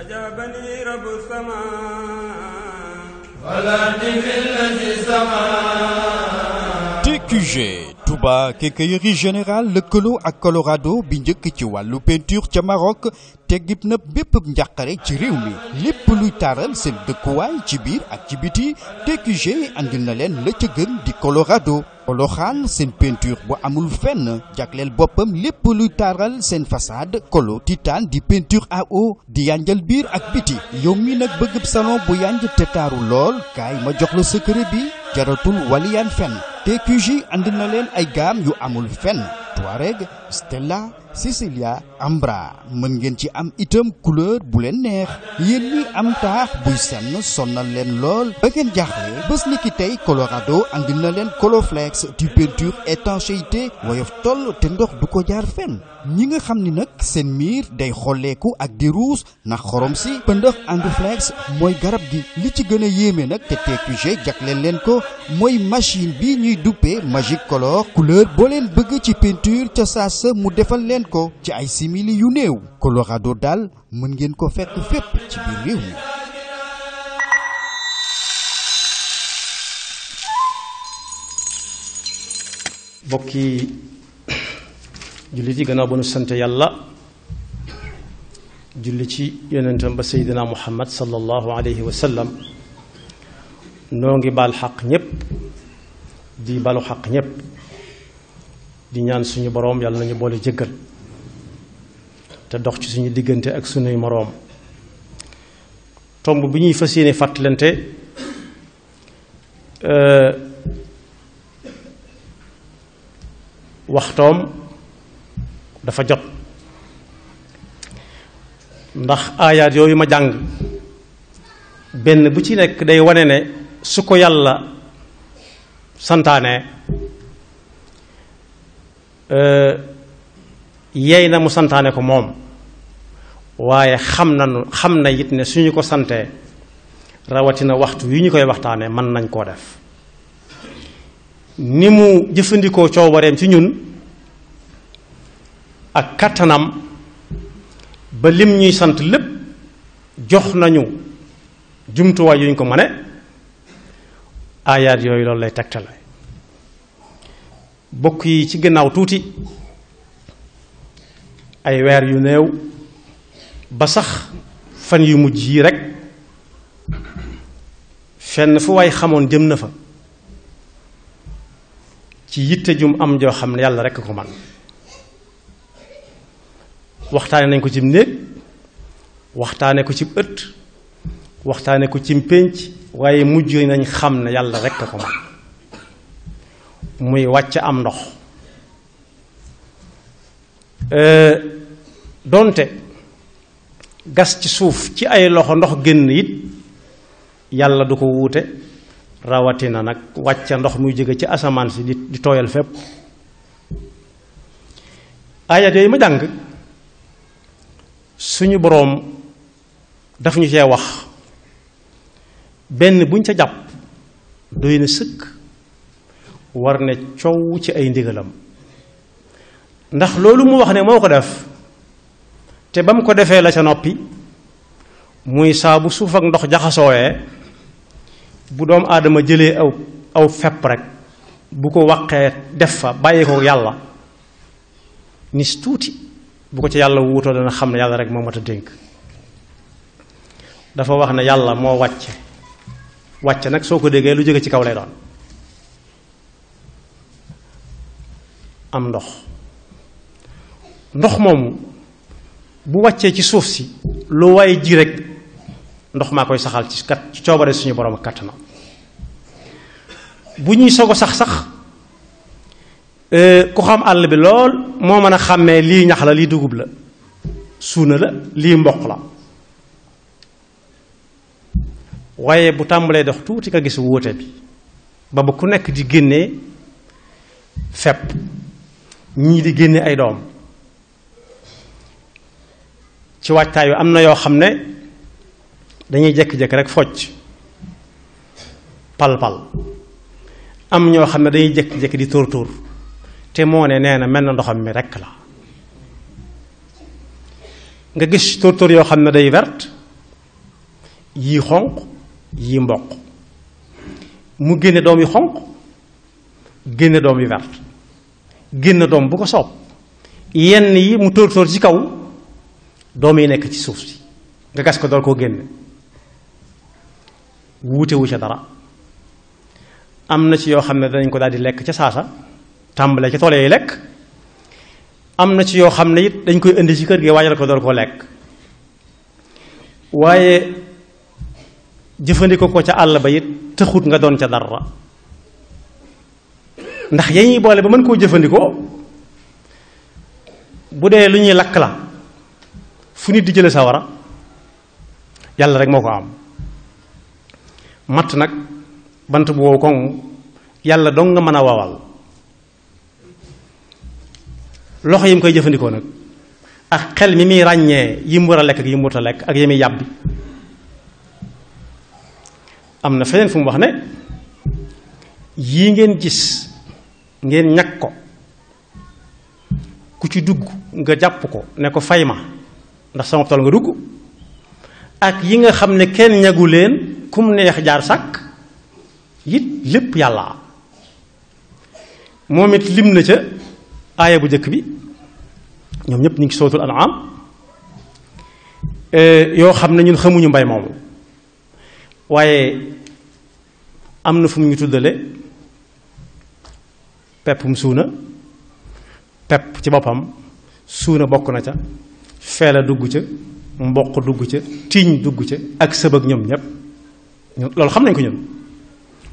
أجابني رب السماء ولا في الذي سماء TQG Touba Quincaillerie Générale lëkkaloo ak Colorado bi njëkk ci wàllu peinture ca Maroc teggib na bépp njàqare ci réew mi lépp luy taaral seen dëkkuwaay ci biir ak ci biti TQG andil na leen la ca gën di Colorado Poloxaan seen peinture bu amul fenn jagleel boppam lépp luy taaral seen façade colo titane di peinture à di yanjal biir ak biti yow mi nag bëgg salon bu yànj te taaru lool kaay ma jox la secret bi jaratul waliyaan fenn TQJ andi na leen ay gaam yu amul fen Touareg Stella Sicilia ambra mën ngeen ci am itam couleur bu leen neex yéen ñi am taax buy senn sonnal leen lool ba ngeen jaaxle bés ni ki tey Colorado andi na leen Coloflex di peinture étanchéité woyof toll te ndox du ko jaar fenn ñi nga xam ni nag seen miir day xolleeku ak di ruus ndax xorom si pëndëx Anduflex mooy garab gi li ci gën a yéeme nag te TQG jagleel leen ko mooy machine bi ñuy duppee Magic Color couleur boo leen bëgg ci peinture ca saa sa mu defa leen ko ci ay simili yu néew Colorado daal mën ngeen ko fekk fépp ci biir réew mi bokki jullit yi gannaaw ba nu sant yàlla julli ci yonentam ba seydina muhammad sallallahu alayhi wa sallam noo ngi baal xaq ñépp di balu xaq ñépp di ñaan suñu boroom yàlla nañu boole jëggal te dox ci suñu diggante ak sunuy moroom tomb bi ñuy fas yéene fàttalante euh, waxtoom dafa jot ndax aayaat yooyu ma jàng benn bu ci nekk day wane ne su ko yàlla santaane euh, yey na mu santaane ko moom waaye xam nañu xam na it ne suñu ko santee rawatina waxtu yi ñu koy waxtaanee mën nañ koo def ni mu jëfandikoo coobareem ci ñun ak kattanam ba lim ñuy sant lépp jox nañu jumtuwaay yu ñu ko mane aayaat yooyu loolu lay tegtale bokk yi ci gannaaw tuuti ay weer yu néew ba sax fan yu mujj yii rekk fenn fu waay xamoon jëm na fa ci yitte jum am joo xam ne yàlla rekk ko man waxtaane nañ ko cim néeg waxtaane ko cim ëtt waxtaane ko cim pénc waaye mujj nañ xam ne yàlla rekk ko man muy wàcc am ndox euh, donte gas ci suuf ci ay loxo ndox génn it yàlla du ko wuute rawatina nag wàcca ndox muy jóge ci asamaan si di tooyal fépp ayat yooyu ma jàng suñu boroom daf ñu cee wax benn buñ ca jàpp doy na sëkk war ne coow ci ay ndigalam ndax loolu mu wax ne moo ko def te ba mu ko defee la ca noppi muy saabu suuf ak ndox jaxasoowee bu doom aadama jëlee aw aw fepp rek bu ko waqee def fa bàyyi ko yàlla nis tuuti bu ko ci yàlla wuutoo dana xam ne yàlla rek moom mat a dénk dafa wax ne yàlla moo wàcce wàcce nag soo ko déggee lu jóge ci kaw lay doon am ndox ndox moomu bu wàccee ci suuf si lu waaye jii rek ndox maa koy saxal ci kat ci coobare suñu borom ak kàttanam bu ñuy soog a sax sax euh, ku xam àll bi lool moo mën a xàmmee lii ñax la lii dugub la suuna la lii mboq la waaye bu tàmbalee dox tuuti nga gisu wóote bi ba ba ku nekk di génnee fepp ñii di génne ay doom ci waajtaay wi am na yoo xam ne dañuy jékki-jékki rek focc pal-pal am ñoo xam ne dañuy jékki-jékki di tóor tóor te moo ne nee na mel na ndoxam mi rekk la nga gis tóor tóor yoo xam ne day vert yi xonq yi mboq mu génne doom yi xonq génne doom yi vert génne doom bu ko soob yenn yi mu tóor tóor ci kaw doom yi nekk ci suuf si nga gas ko dool koo génne wuutewu ca dara am na ci yoo xam ne danañ ko daal di lekk ca saasa tàmbale ca toole yi lekk am na ci yoo xam ne it dañ koy indi ci kër gi waajal ko dool koo lekk waaye jëfandikoo ko ca àll ba it taxut nga doon ca dara ndax yañuy boole ba mën koo jëfandikoo bu dee lu ñuy lakk la fu nit di jële sa wara yàlla rek moo ko am matt nag bant bu wow koŋ yàlla dong nga mën a waawal loxo yi mu koy jëfandikoo nag ak xel mi muy ràññee yi mu war a lekk ak yi mu warut a lekk ak yi muy yàbbi am na feneen fu mu wax ne yii ngeen gis ngeen ñag ko ku ci dugg nga jàpp ko ne ko fay ma ndax sama tool nga dugg ak yi nga xam ne kenn ñagu leen kum neex jaar sàkk it lépp yàlla moom it lim na ca aaya bu njëkk bi ñoom ñëpp ñu ngi sootul an'am euh, yoo xam ne ñun xamuñu mbay moomu waaye am na fu mu ñu tuddale peppum suuna pepp ci boppam suuna bokk na ca fela dugg ca mboq dugg ca tiiñ dugg ca ak sëbëg ñoom ñëpp loolu xam nañ ko ñun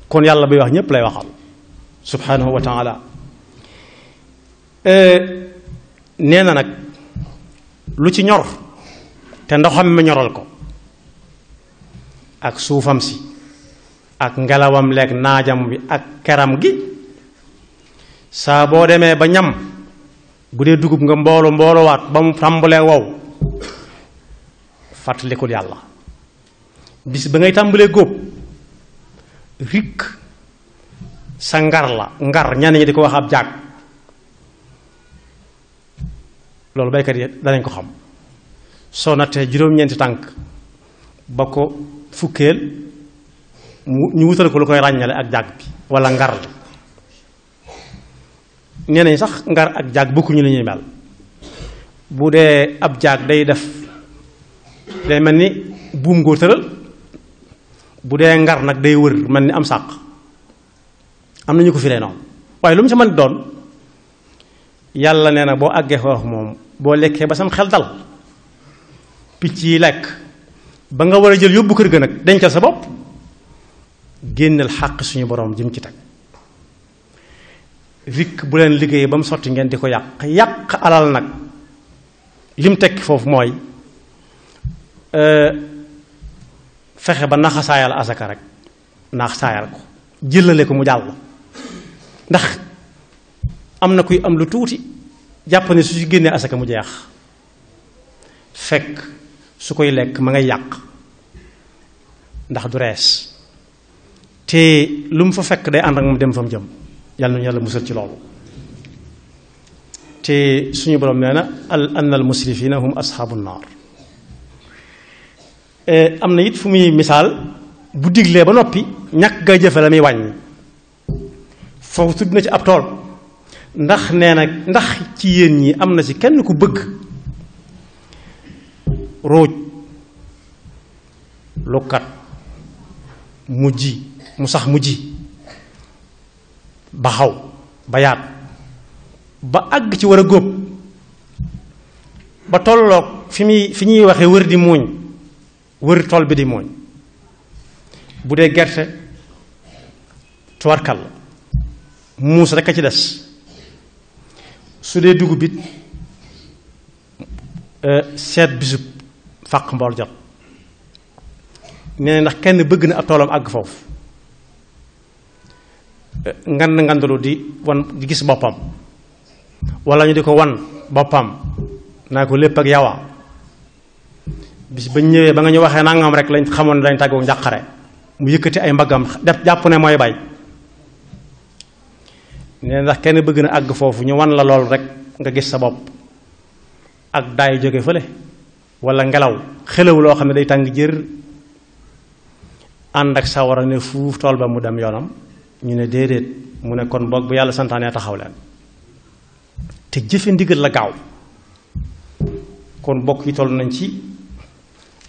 kon yàlla bay wax ñëpp lay waxal subhanahu wa taala euh, nee na nag lu ci ñor te ndoxam mi ñoral ko ak suufam si ak ngelawam lekk naajam wi ak keram gi saa boo demee ba ñam bu dee dugub nga mboolo mboolowaat ba mu tàmbalee wow fàttalikul yàlla bis ba ngay tàmbalee góob rikk sa ngar la ngar ñaan ñi di ko wax ab jaag loolu baykat yi danañ ko xam soo nattee juróom-ñeenti tànk ba ko fukkeel mu ñu wutal ko lu koy ràññale ak jaag bi walla ngar la nee nañ sax ngar ak jaag bokkuñu la ñuy mel bu dee ab jaag day def day mel ni buum ngoo tëral bu dee ngar nag day wër mel ni am sàq am nañu ko firee noonu waaye lu mu si mën doon yàlla nee na boo àggee foofu moom boo lekkee ba sam xel dal picc yi lekk ba nga war a jël yóbbu kër ga nag dencal sa bopp génnal xaq suñu boroom jëm ci teg rik bu leen liggéey ba mu sotti ngeen di ko yàq yàq alal nag lim tekki foofu mooy euh, fexe ba naxasaayal asaka rek naxasaayal ko jëlale ko mu jàll ndax am na kuy am lu tuuti jàpp ne su ci génnee asaka mu jeex fekk su koy lekk ma ngay yàq ndax du rees te lu mu fa fekk day ànd ak moom dem fa mu jëm yàlla nañu yàlla musal ci loolu te suñu borom nee na al anna al musrifina hum asxaabu naar eh, am na it fu muy misaal bu diglee ba noppi ñàkk ga jëfe la muy wàññi foofu tudd na ci ab tool ndax nee nag ndax ci yéen ñi am na ci kenn ku bëgg rooj lu kat mu ji mu sax mu ji ba xaw ba yaat ba àgg ci war a góob ba tolloog fi muy fi ñuy waxee wër di muuñ wër tool bi di muuñ bu dee gerte tuwarkal muus rekk a ci des su dee dugub it euh, seet bisub fàq mbool jot nee ndax kenn bëgg na ab toolam àgg foofu ngan ngandalu di wan di gis boppam wala ñu di ko wan boppam naa ko lépp ak yawa bis ba ñëwee ba nga ñu waxee nangam rek lañ xamoon lañ tàggu njàqare mu yëkkati ay mbaggam def jàpp ne mooy bay nee ndax kenn bëgg na àgg foofu ñu wan la lool rek nga gis sa bopp ak day jóge fële walla ngelaw xelaw loo xam ne day tàng jër ànd ak sawara ne fuuf tool ba mu dem yoonam ñu ne déedéet mu ne kon boog bu yàlla santaanee taxaw leen te jëfe ndigal la gaaw kon bokk yi toll nañ ci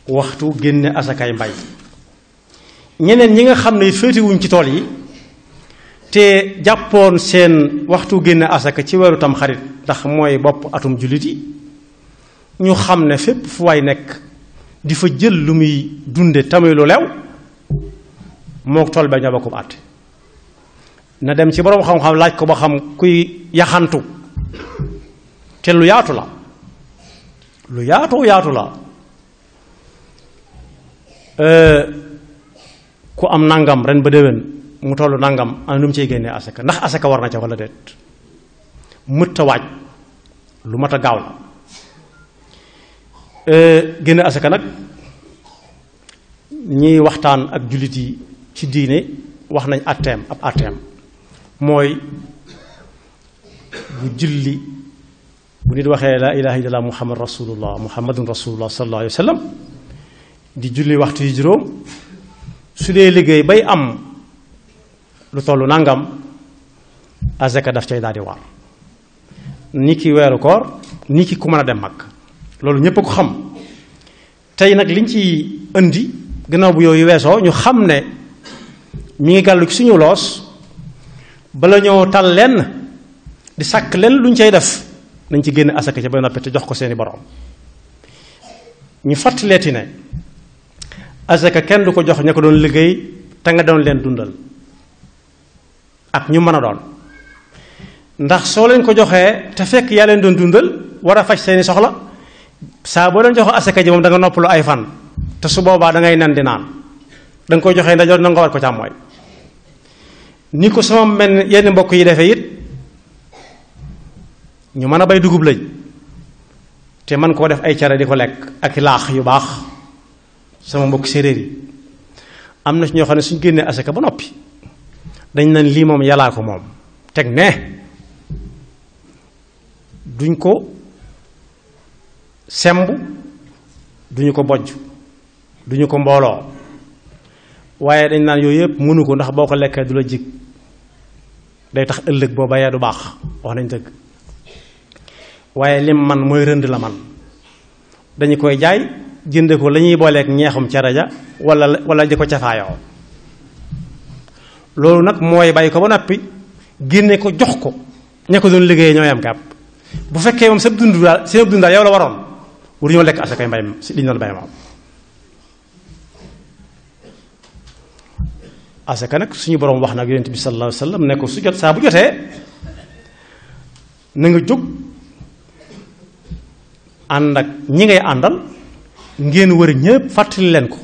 waxtu génne asakaay mbay ñeneen ñi nga xam ne féetewuñ ci tool yi te jàppoon seen waxtu génne asaka ci weeru tam xarit ndax mooy bopp atum jullit yi ñu xam ne fépp fu waay nekk di fa jël lu muy dunde tamit lu lew moo tool ba ñoo bokkum àtte na dem ci boroom xam-xam laaj ko ba xam kuy yaxantu te lu yaatu la lu yaatoo yaatu la euh, ku am nangam ren ba déwén mu tollu nangam ana nu mu cey génnee asaka ndax asaka war na ca walla déet mëtt waaj lu mat a gaaw la euh, génne asaka nag ñiy waxtaan ak jullit yi ci diine wax nañ atteem ab atteem mooy bu julli bu nit waxee laa ilaha illallah muhammad rasulullah muhammadun rasulullah sallallahu alayhi wa di julli waxtu yu juróom su dee liggéey bay am lu tollu nangam azaka daf cay daal di war ni ki weeru koor ni ki ku mën a dem mag loolu ñépp a ko xam tey nag liñ ci indi gannaaw bu yooyu weesoo ñu xam ne mu ngi gàllu ci suñu loos bala ñoo tal lenn di sàkk lenn luñ cay def dañ ci génn asaka ca ba noppi te jox ko seeni borom ñu fàttaleeti ne asaka kenn du ko jox ña ko doon liggéey te nga doon leen dundal ak ñu mën a doon ndax soo leen ko joxee te fekk yaa leen doon dundal war a faj seeni soxla saa boo leen jox asaka ji moom danga nga noppalu ay fan te su boobaa da ngay nen di naan da koy joxee ndajoor na nga war ko càmmooy ni ko sama mel yenn mbokk yi defee it ñu mën a bay dugub lañ te man koo def ay cere di ko lekk ak laax yu baax sama mbokk séeréer yi am na ci ñoo xam ne suñ génnee asaka ba noppi dañ nañ lii moom yàllaa ko moom teg ne duñ ko semb duñu ko bojj duñu ko mbooloo waaye dañ naan yooyu yëpp mënu ko ndax boo ko lekkee du la jig day tax ëllëg boo bayee du baax wax nañ dëgg waaye lim man mooy rënd la man dañu koy jaay jënde ko la ñuy booleeg ñeexum cere ja wala wala di ko cafaayoo loolu nag mooy bay ko ba noppi génne ko jox ko ña ko doon liggéeyee ñooy am kàpp bu fekkee moom sa dund daal seen dund daal yow la waroon waruñoo lekk asakay mbay li ñu doon bay moom asaka nag suñu borom wax nag yonent bi sallallahu alayhi wa sallam ne ko su jot saa bu jotee na jóg ànd ak ñi ngay àndal ngeen wër ñëpp fàttali leen ko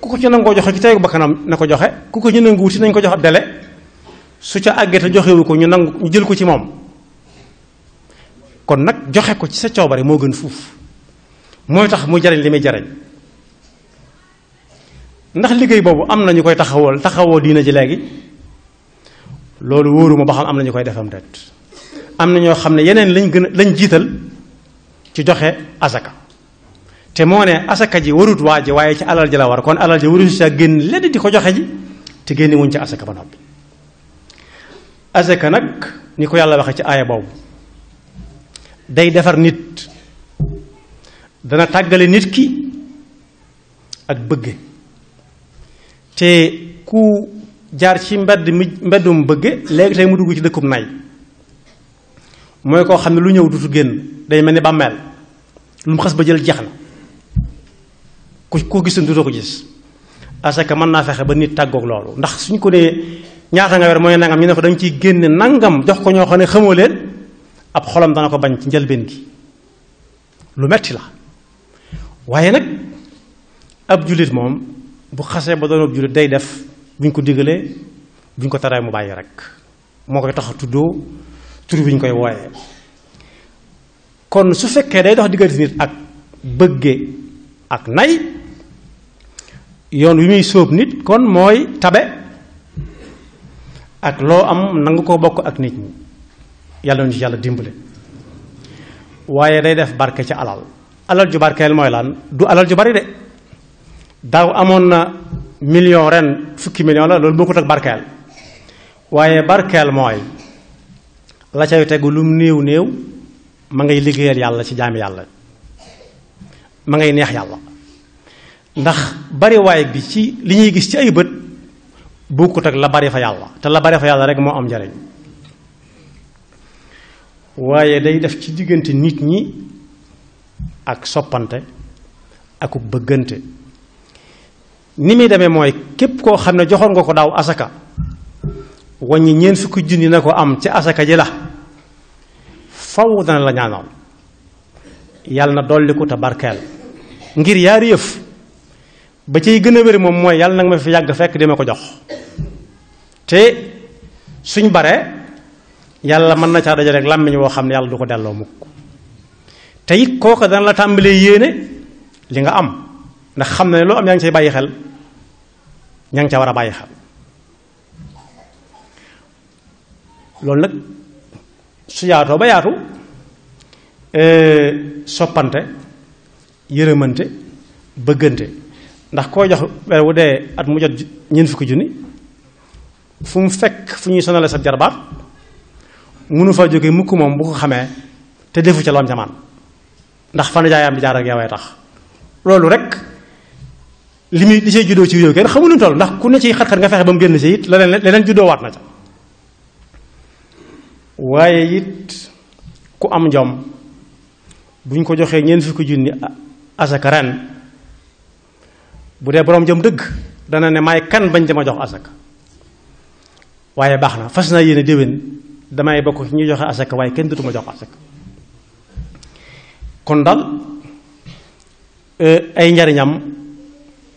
ku ko ci nangoo joxe ci tey bakkanam na ko joxe ku ko ci nangu wuti nañ ko jox dele su ca àggee te joxewu ko ñu nangu ñu jël ko ci moom kon nag joxe ko ci sa coobare moo gën fuuf mooy tax mu jariñ li muy jariñ ndax liggéey boobu am na ñu koy taxawal taxawoo diina ji léegi loolu wóoruma ba xam am na ñu koy defam det am na ñoo xam ne yeneen lañ gën a lañ jiital ci joxe asaka te moo ne asaka ji warut waa ji waaye ci alal ji la war kon alal ji warut sa génn lenn di ko joxe ji te génne wuñ ci asaka ba noppi asaka nag ñu ko yàlla waxe ci aaya boobu day defar nit dana tàggale nit ki ak bëgge te ku jaar ci mbedd mi mbeddum bëgg léegi tey mu dugg ci dëkkub nay mooy koo xam ne lu ñëw dutu génn day mel ni bàmmeel lu mu xas ba jël jeex na ku ko gisul dutoo ko gis asaka mën naa fexe ba nit tàggoog loolu ndax suñ ko nee ñaata nga weer mooy nangam ñu ne ko da nga ciy génne nangam jox ko ñoo xam ne xamoo leen ab xolam dana ko bañ ci njëlbeen gi lu metti la waaye nag ab jullit moom bu xasee ba doon ab jullit day def bu ñu ko digalee bu ñu ko taree mu bàyyi rek moo koy tax a tuddoo tur bi ñu koy wooyee kon su fekkee day dox diggante nit ak bëgge ak nay yoon wi muy sóob nit kon mooy tabe ak loo am nangu ko bokk ak nit ñi yàlla ñu ci yàlla dimbale waaye day def barke ci alal alal ju barkeel mooy lan du alal ju bari de daaw amoon na million ren fukki million la loolu bokkut ak barkeel waaye barkeel mooy la cay tegu lum néew néew ma ngay liggéeyal yàlla ci jaami yàlla ma ngay neex yàlla ndax bariwaay bi ci li ñuy gis ci ay bët bokkut ak la bari fa yàlla te la bari fa yàlla rek moo am njariñ waaye day def ci diggante nit ñi ak soppante akuk bëggante ni muy demee mooy képp koo xam ne joxoon nga ko daaw asaka ñi ñeent fukki junni na ko am ci asaka ji la faw dana la ñaanal yàlla na dolliku te barkeel ngir yaari yëf ba ciy gën a wér moom mooy yàlla nag ma fi yàgg fekk di ma ko jox te suñ bare yàlla mën na caa daje rek làmmiñ woo xam ne yàlla du ko delloo mukk te it kooka dana la tàmbalee yéene li nga am ndax xam na ne loo am ña ngi cay bàyyi xel ña ngi ca war a bàyyi xel loolu nag su yaatoo ba yaatu euh, soppante yërëmante bëggante ndax koo jox weer wu dee at mu jot ñeent fukki junni fu mu fekk fu ñuy sonale sa jarbaat mënu fa jóge mukk moom bu ko xamee te defu ca loon jamaan ndax fan jaayam di jaar ak tax loolu rekk li muy li say juddoo ci réew kenn xamu nu toll ndax ku ne ci xat-xat nga fexe ba mu génn si it leneen leneen juddoo waat na ca waaye it ku am jom bu ñu ko joxee ñeent fukki junni asaka ren bu dee boroom jom dëgg dana ne maay kan bañ dama jox asaka waaye baax na fas naa yéene déwén damay bokk ci ñuy joxe asaka waaye kenn dutuma jox asaka kon daal euh, ay njariñam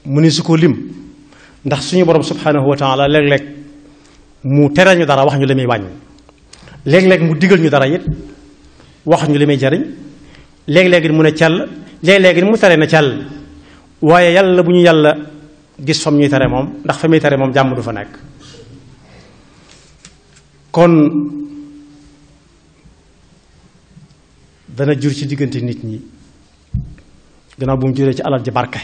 mu ne su ko lim ndax suñu borom subhanahu wa taala léeg-léeg mu tere ñu dara wax ñu li muy wàññi léeg-léeg mu digal ñu dara it wax ñu li muy jariñ léeg-léeg mu ne càll léeg-léeg mu tere na càll waaye yàlla bu ñu yàlla gis fam ñuy tere moom ndax fa muy tere moom jàmm du fa nekk kon dana jur ci diggante nit ñi gannaaw bu mu juree ci alal ji barke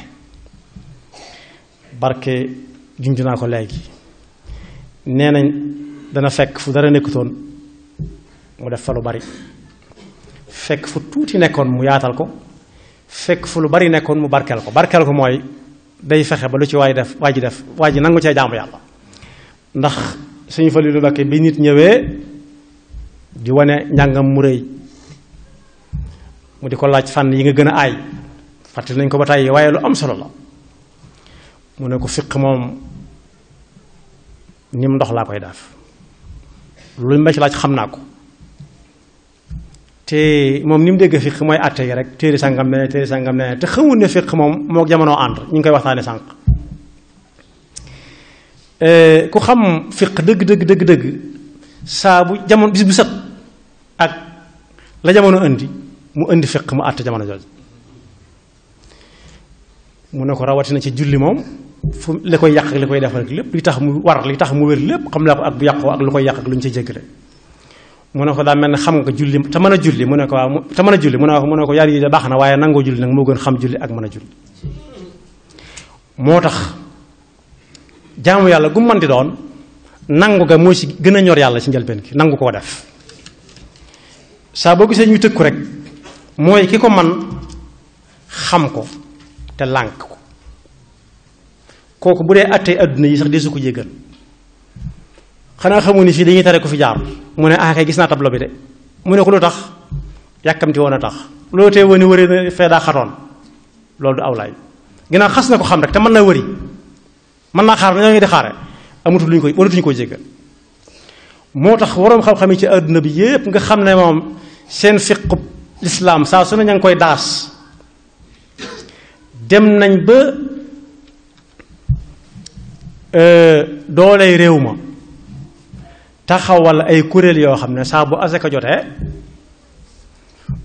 barke junj naa ko léegi nee nañ dana fekk fu dara nekkutoon mu def fa lu bari fekk fu tuuti nekkoon mu yaatal ko fekk fu lu bari nekkoon mu barkeel ko barkeel ko mooy day fexe ba lu ci waay def waa ji def waa ji nangu cee jaamu yàlla ndax suñu Faliilu Mbàkke bi nit ñëwee di wane njàngam mu rëy mu di ko laaj fànn yi nga gën a aay fàttali nañ ko ba tey waaye lu am solo la mu ne ko fiq moom nim ndox laa koy daaf luñ ma ci xam naa ko te moom ni mu dégg fiq mooy àtte yi rek téere sàngam ne téere sàngam ne te xamul ne fiq moom moo jamono ànd ñu ngi koy waxtaane sànq euh, ku xam fiq dëgg dëgg dëgg dëgg saa bu jamono bis bu ak la jamono indi mu indi fiq mu àtte jamono jooju mu ne ko rawatina ci julli moom fu li koy yàq ak li koy def rek lépp li tax mu war li tax mu wér lépp xam naa ko ak bu yàqoo lu koy yàq lu ñu ci jéggale mu ne ko daa mel ne xam nga julli te mën a julli mu ne ko waaw te mën a julli mu ne ko mu ne waaye nangoo julli nag moo gën xam julli ak a julli moo tax jaamu yàlla gu mën di doon nangu ga moo ci gën a ñor yàlla ci njëlbeen gi nangu koo def saa boo gisee ñu ko rek mooy ki ko man xam ko te lànk kooku bu dee attee àdduna yi sax de su ko jéggal xanaa xamu ni fii dañuy tare ko fi jaar mu ne ah kay gis naa tablo bi de mu ne ko lu tax yàkkamti woon a tax loo tee woon wëri na fee daa xatoon loolu du awlaay ginnaaw xas na ko xam rek te mën naa wëri mën naa xaar ñoo ngi di xaare amatul lu ñu koy waratuñu koy jéggal moo tax waroom xam-xam yi ci adduna bi yépp nga xam ne moom seen fiqub lislaam saa su ne ña ngi koy daas dem nañ ba dooley réew ma taxawal ay kuréel yoo xam ne saa bu asaka jotee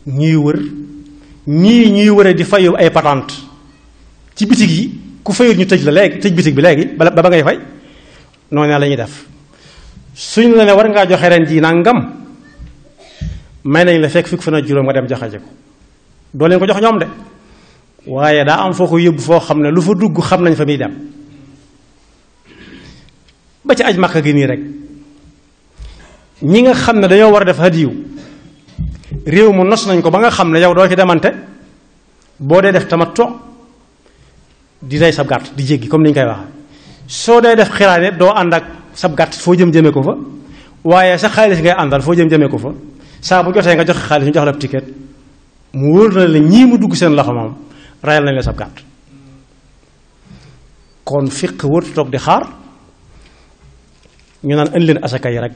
ñuy wër ñii ñuy wëree di fayu ay patant ci bitig yi ku fayut ñu tëj la léegi tëj bitig bi léegi bala ba ngay fay noonu la ñuy def suñ la ne war ngaa joxe ren ji nangam may nañ la fekk fi fan ak juróom nga dem joxe ji ko doo leen ko jox ñoom de waaye daa am foo ko yóbbu foo xam ne lu fa dugg xam nañ fa muy dem ba ci aj makka gi nii rek ñi nga xam ne dañoo war a def hadiyu réew mu nos nañ ko ba nga xam ne yow doo ci demante boo dee def tamattu di rey sab gàtt di jéggi comme ni ñu koy wax soo dee def xiraane doo ànd ak sab gàtt foo jëm jëmee ko fa waaye sa xaalis ngay àndal foo jëm jëmee ko fa saa bu jotee nga joxe xaalis ñu jox la ticket mu wóor na la ñii mu dugg seen loxo moom rayal nañ la sab gàtt kon fiq wër toog di xaar. ñu naan indi leen asaka yi rek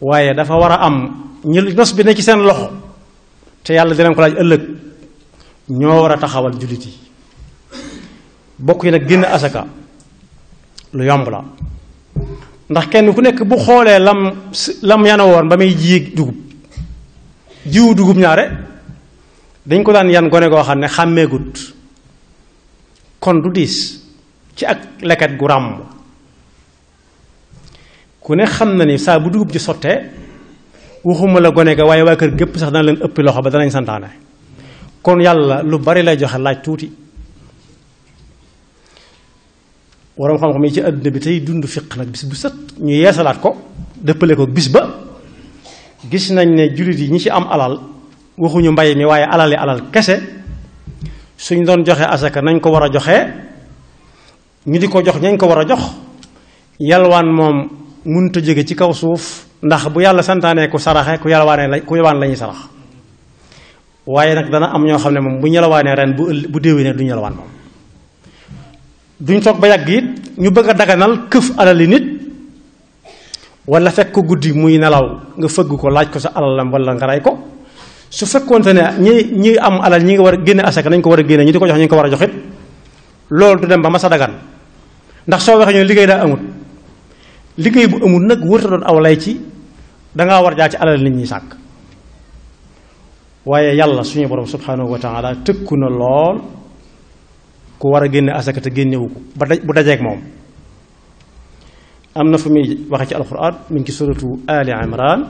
waaye dafa war a am ñu nos bi ne ci seen loxo te yàlla dinañ ko laaj ëllëg ñoo war a taxawal jullit yi bokk yi nag génn asaka lu yomb la ndax kenn ku nekk bu xoolee lam lam yana woon ba muy ji dugub jiwu dugub ñaare dañ ko daan yan gone goo xam ne xàmmeegut kon du diis ci ak leket gu ràmm ku ne xam na ni saa bu dugub ji sottee waxuma la gone ga waaye waa kër gépp sax dana leen ëppi loxo ba danañ santaane kon yàlla lu bari lay joxe laaj tuuti waroom xam-xam yi ci àdduna bi tey dund fiq nag bis bu sët ñu yeesalaat ko dëppale ko bis ba gis nañ ne jullit yi ñi ci am alal waxuñu mbay mi waaye alal yi alal kese suñ doon joxe asaka nañ ko war a joxe ñu di ko jox dañ ko war a jox yalwaan moom mënut a jóge ci kaw suuf ndax bu yàlla santaanee ku saraxe ku yalwaanee la ku yalwaan la ñuy sarax waaye nag dana am ñoo xam ne moom bu ñalawaanee ren bu ëll bu déwénee du ñalawaan moom duñ toog ba yàgg it ñu bëgg a daganal këf yi nit wala fekk ko guddi muy nelaw nga fëgg ko laaj ko sa alalam wala nga rey ko su fekkoonte ne ñi ñi am alal ñi nga war a génne asaka nañ ko war a génne ñu di ko jox ñu ko war a jox it loolu du dem ba masa dagan ndax soo liggéey bu amul nag wërta doon aw lay ci danga war jaa ci alal nit ñi sàkk waaye yàlla suñu borom subhanahu wa taala tëkku na lool ku war a génne asaka te génnewu ko ba daj bu dajeeg moom am na fu muy waxe ci alquran mi ki ci suratu ali imran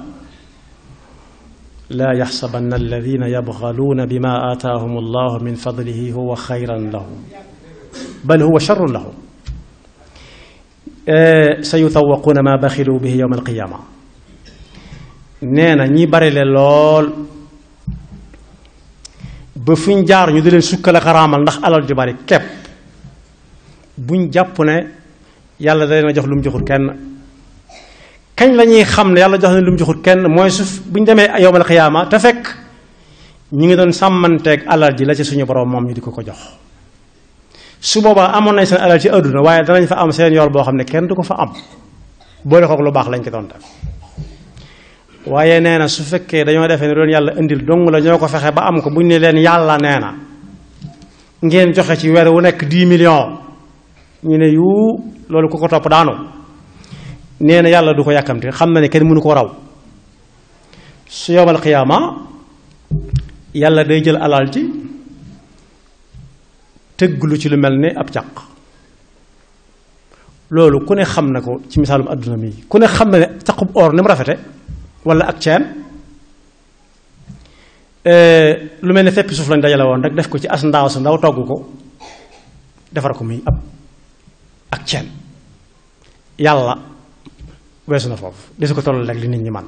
laa yaxsabanna alladina yabxaluuna bima aataahum allahu min fadlihi huwa xayran lahum bal huwa charrun lahum sa yutawaquuna ma baxilu bihi yowma alqiyaama nee na ñi bari le lool ba fu ñu jaar ñu di leen sukkal ak araamal ndax alal ju bari képp buñ jàpp ne yàlla da leen a jox lu mu joxul kenn kañ la ñuy xam ne yàlla jox leen lu mu joxul kenn mooy suuf bu ñu demee yowmal qiyaama te fekk ñu ngi doon sàmmanteek alal ji la ci suñu borom moom ñu di ko ko jox su boobaa amoon nañ seen alal ci àdduna waaye danañ fa am seen yor boo xam ne kenn du ko fa am boole kook lu baax lañ ko doon def waaye nee na su fekkee dañoo defee ne doon yàlla indil dong la ñoo ko fexe ba am ko buñ ne leen yàlla nee na ngeen joxe ci weer wu nekk 10 millions ñu ne yu loolu ku ko topp daanu nee yàlla du ko yàkkamti xam na ne kenn mënu ko raw su yomal xiyaama yàlla day jël alal ci tëgglu ci lu mel ni ab caq loolu ku ne xam ne ko ci misaalum adduna mi ku ne xam na ne caqub or ni mu rafete wala ak ceen eh, lu mel ne feppi suuf lañ dajale woon rek def ko ci as ndaaw sa ndaw togg ko defar ko muy ab ak ceen yàlla weesu na foofu desu ko tollal rek li nit ñi man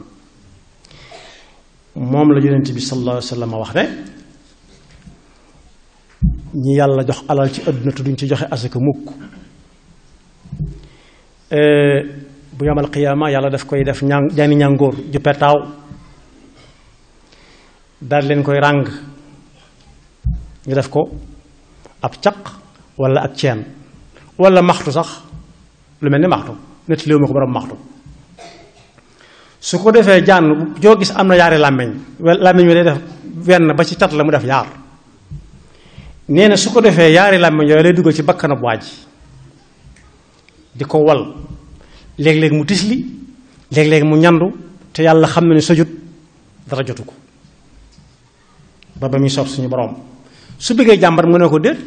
moom la yonent bi sallallahu alayhi wa sallam wax ne ñi yàlla jox alal ci àdduna te duñ ci joxe asaka mukk euh, bu yamal xiyaama yàlla def koy def ñàng jani ñàngoor ju petaaw daal leen koy ràng ñu def ko ab caq walla ak ceen walla maxtu sax lu mel ni maxtu nett léew ma ko borom maxtu su ko defee jaan joo gis am na yaari làmmiñ làmmiñ wi day def wenn ba ci cat la mu def yaar nee na su ko defee yaari làmmiñ yooyu lay dugal ci bakkanab waa ji di ko wal léeg-léeg mu tisli léeg-léeg mu ñandu te yàlla xam na ne sojut dara jotu ko ba ba muy soob suñu borom su bëggee jàmbar mu ne ko déet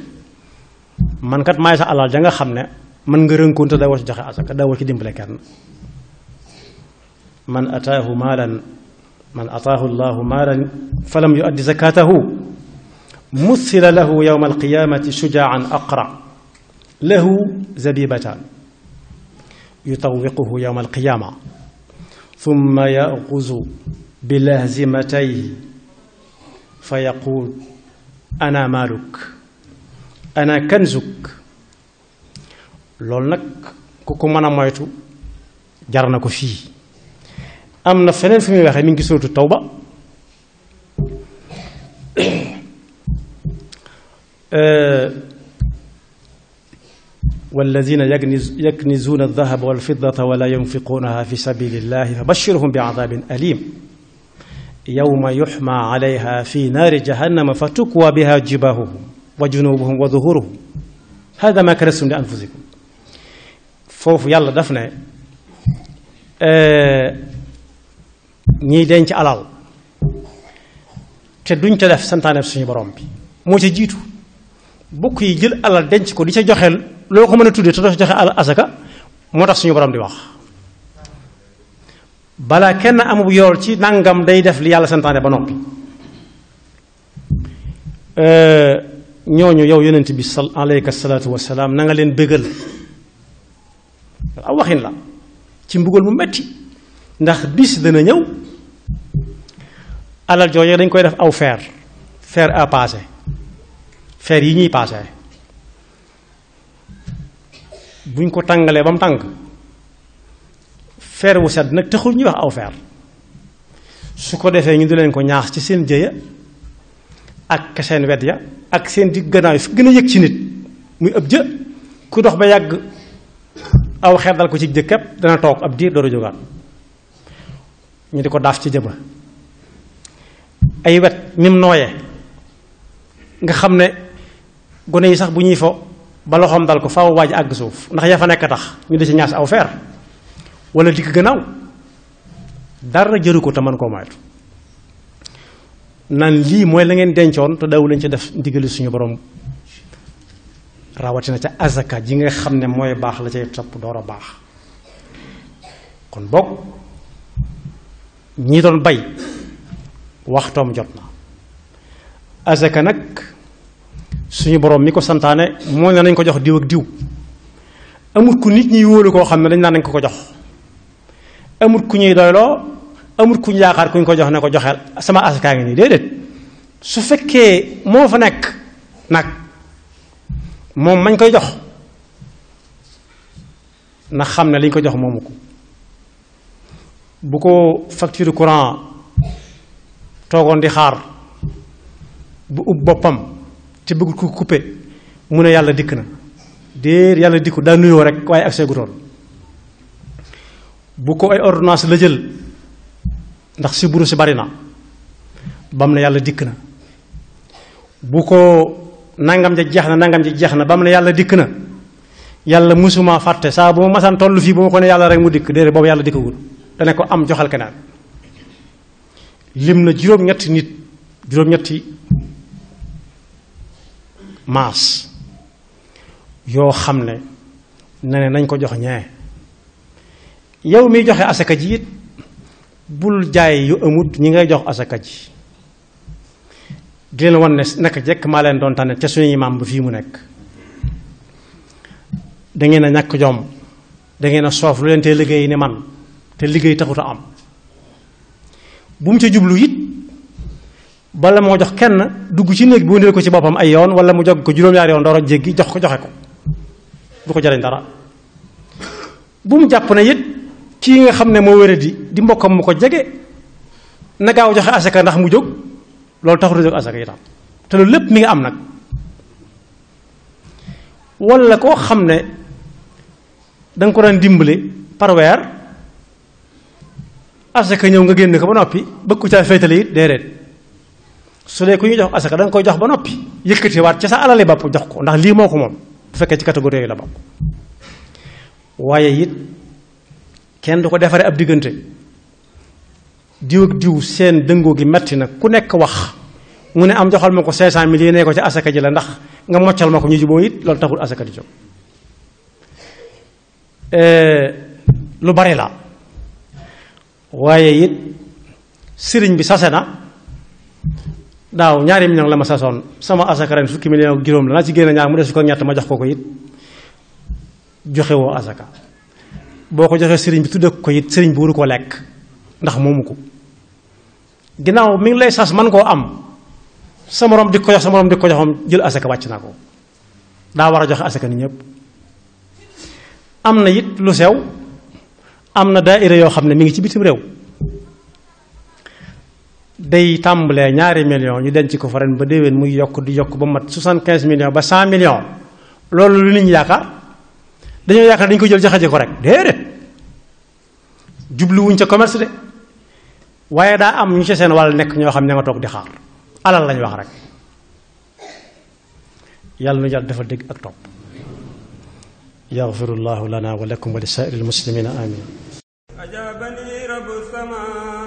man kat maay sa alal ja xam ne mën nga rënkoon te dawoo ci joxe asaka dawoo ci dimbale kenn man ataahu maalan man ataahu allahu maalan falam yu addi zakatahu مثل له يوم القيامة شجاعا أقرع له زبيبتان يطوقه يوم القيامة ثم يأخذ بلهزمتيه فيقول أنا مالك أنا كنزك loolu nag ku ko mën a moytu jar na ko fii am na feneen fi muy waxee mi ngi sóotu tawba walladina yaknizuuna aldahaba walfiddata wala yunfiquunaha fi sabilillahi fabashirhum biadabin alim yowma yuxma alayha fi naari jahannama fa tukwa biha jibahuhum wa junubuhum wa duhuruhum hada ma karastum li anfusikum foofu yàlla daf ne ñiy denc alal te duñ ca def santaane suñu borom bi moo ca jiitu bukk yi jël alal denc ko di ca joxeel loo ko mën a tuddee te doo joxe alal asaka moo tax suñu borom di wax balaa kenn amub yool ci nangam day def li yàlla santaane ba noppi ñooñu yow yonent bi sal aleyka salaatu wasalaam na nga leen bégal aw waxin la ci mbugal mu metti ndax bis dana ñëw alal jooje dañ koy def aw fer fer à passer fer yi ñuy paase buñ ko tàngalee ba mu tàng fer wu sedd nag taxul ñuy wax aw fer su ko defee ñu du ko ñaax ci seen jëya ak seen wet ya ak seen digg gannaaw yi fi gën a yëg ci nit muy ëpp jë ku dox ba yàgg aw xeer dal ko ci jëkkëb dana toog ab diir dooru jógaat ñu di ko daaf ci jëba ay wet nim nooyee nga xam ne gone yi sax bu ñuy fo ba loxoom dal ko faaw waaj àgg suuf ndax ya fa nekk tax ñu di ci ñaas aw feer wala dikk gannaaw dara jëru ko te man koo moytu naan lii mooy la ngeen dencoon te daw lañ ci def ndigali suñu borom rawatina ca azaka ji nga xam ne mooy baax la ca topp door a baax kon boog ñi doon bay waxtoom jot na azaka nag suñu borom mi ko santaane moo ne nañ ko jox diw ak diw amut ku nit ñi wóolu koo xam ne dañ naa nañ ko ko jox amut ku ñuy doyloo amut ku ñu yaakaar ku ñu ko jox ne ko joxeel sama askaa ngi nii déedéet su fekkee moo fa nekk nag moom mañ koy jox na xam ne liñ ko jox moomu ko bu ko facture courant toogoon di xaar bu ub boppam ci bëggul ko coupé mu ne yàlla dikk na déer yàlla dikku daa nuyoo rek waaye ak seegu toon bu ko ay ordonnance la jël ndax si buru si bari na bam na yàlla dikk na bu ko nangam ja jeex na nangam ji jeex na bam ne yàlla dikk na yàlla musuma fàtte saa bu ma masaan toll fii bu ma ko ne yàlla rek mu dikk déedéet boobu yàlla dikkagul dana ko am joxal keneen lim na juróom-ñetti nit juróom-ñetti maas yoo xam ne ne nañ ko jox ñee yow miy joxe asaka ji it bul jaay yu amut ñi ngay jox asaka ji di leen wan ne naka jekk maa leen doon tane ca suñuy maam bi fii mu nekk dangeen a ñàkk jom dangeen a soof lu leen tee liggéey ni man te liggéey taxut am bu mu ca jublu it bala moo jox kenn dugg ci néeg bi wëndeel ko ci boppam ay yoon wala mu jog ko juróom-ñaari yoon door a jéggi jox ko joxe ko du ko jariñ dara bu jàpp na it kii nga xam ne moo wéradi di mbokkam mu ko jege na gaaw joxe asaka ndax mu jóg loolu taxul jóg asaka itam te loolu lépp mi ngi am nag walla koo xam ne danga ko daan dimbale par weer ñëw nga génn ko ba noppi bëgg ko caa féetale it déedéet su dee ku ñuy jox asaka da nga koy jox ba noppi yëkkatiwaat ci sa alale bopp jox ko ndax lii moo ko moom bu fekkee ci catégorie yi la bokk waaye it kenn du ko defaree ab diggante diw ak diw seen dëngoo gi metti nag ku nekk wax mu ne am joxal ma ko 500000 yi ne ko ci asaka ji la ndax nga moccal ma ko ñu juboo it loolu taxul asaka di jóg lu bari la waaye it sëriñ bi sase na daaw ñaari million la ma sasoon sama asaka ren fukki million ak juróom la naa ci génne ñaar mu des ko ñett ma jox ko ko it joxe woo asaka boo ko joxee sëriñ bi tudde ko it sëriñ bi waru ko lekk ndax moomu ko ginnaaw mi ngi lay sas man koo am sa morom di ko jox sa morom di ko joxam jël asaka wàcc na ko daa war a joxe asaka ni ñëpp am na it lu sew am na daaira yoo xam ne mu ngi ci bitim réew day tàmbalee ñaari million ñu denc ko fa ren ba déwén muy yokk di yokk ba mat 75 millions ba 100 millions loolu lu nit ñi yaakaar dañoo yaakaar dañ ko jël jaxaje ko rek déedéet jubluwuñ ca commerce de waaye daa am ñu ca seen nekk ñoo xam ne nga toog di xaar alal lañ wax rek yàlla nu yàlla dafa dégg ak topp yaxfirullahu lana wa lakum wa li saa'iril muslimina amin ajabani rabbus samaa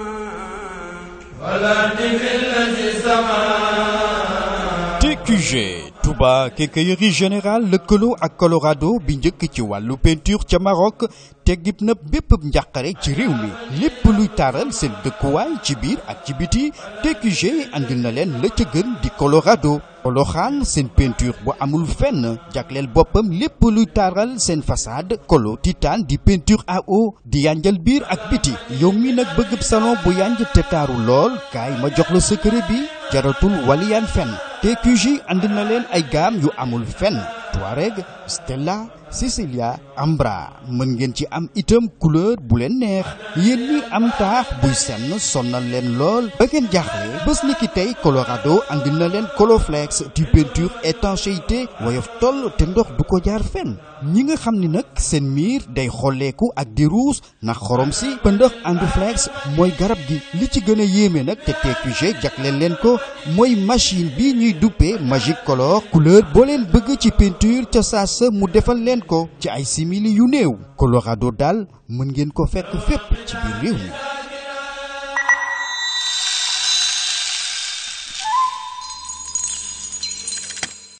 TQG Touba Quincaillerie général lëkkaloo ak Colorado bi njëkk ci wàllu peinture ca Maroc teggib na bépp njàqare ci réew mi lépp luy taaral seen dëkkuwaay ci biir ak ci biti TQG andil na leen la ca di Colorado Poloxaan seen peinture bu amul fenn jagleel boppam lépp luy taaral seen façade kolo titane di peinture à di yanjal biir ak biti yow mi nag bëggëb salon bu yanj te taaru lool kaay ma jox la secret bi jaratul waliyaan fenn TQJ andil na leen ay gaam yu amul fenn Touareg Stella Cecilia Ambra mën ngeen ci am itam couleur bu leen neex yéen ñi am taax buy senn sonnal leen lool ba ngeen jaaxle bés ni ki tey Colorado andi na leen Colorflex di peinture étanchéité woyof toll te ndox du ko jaar fenn ñi nga xam ni nag seen miir day xolleeku ak di ruus ndax xorom si pëndëx Anduflex mooy garab gi li ci gën a yéeme nag te TQG jagleel leen ko mooy machine bi ñuy duppee Magic Color couleur boo leen bëgg ci peinture ca saa sa ko ci ay simili yu néew Colorado daal mën ngeen ko fekk fépp ci biir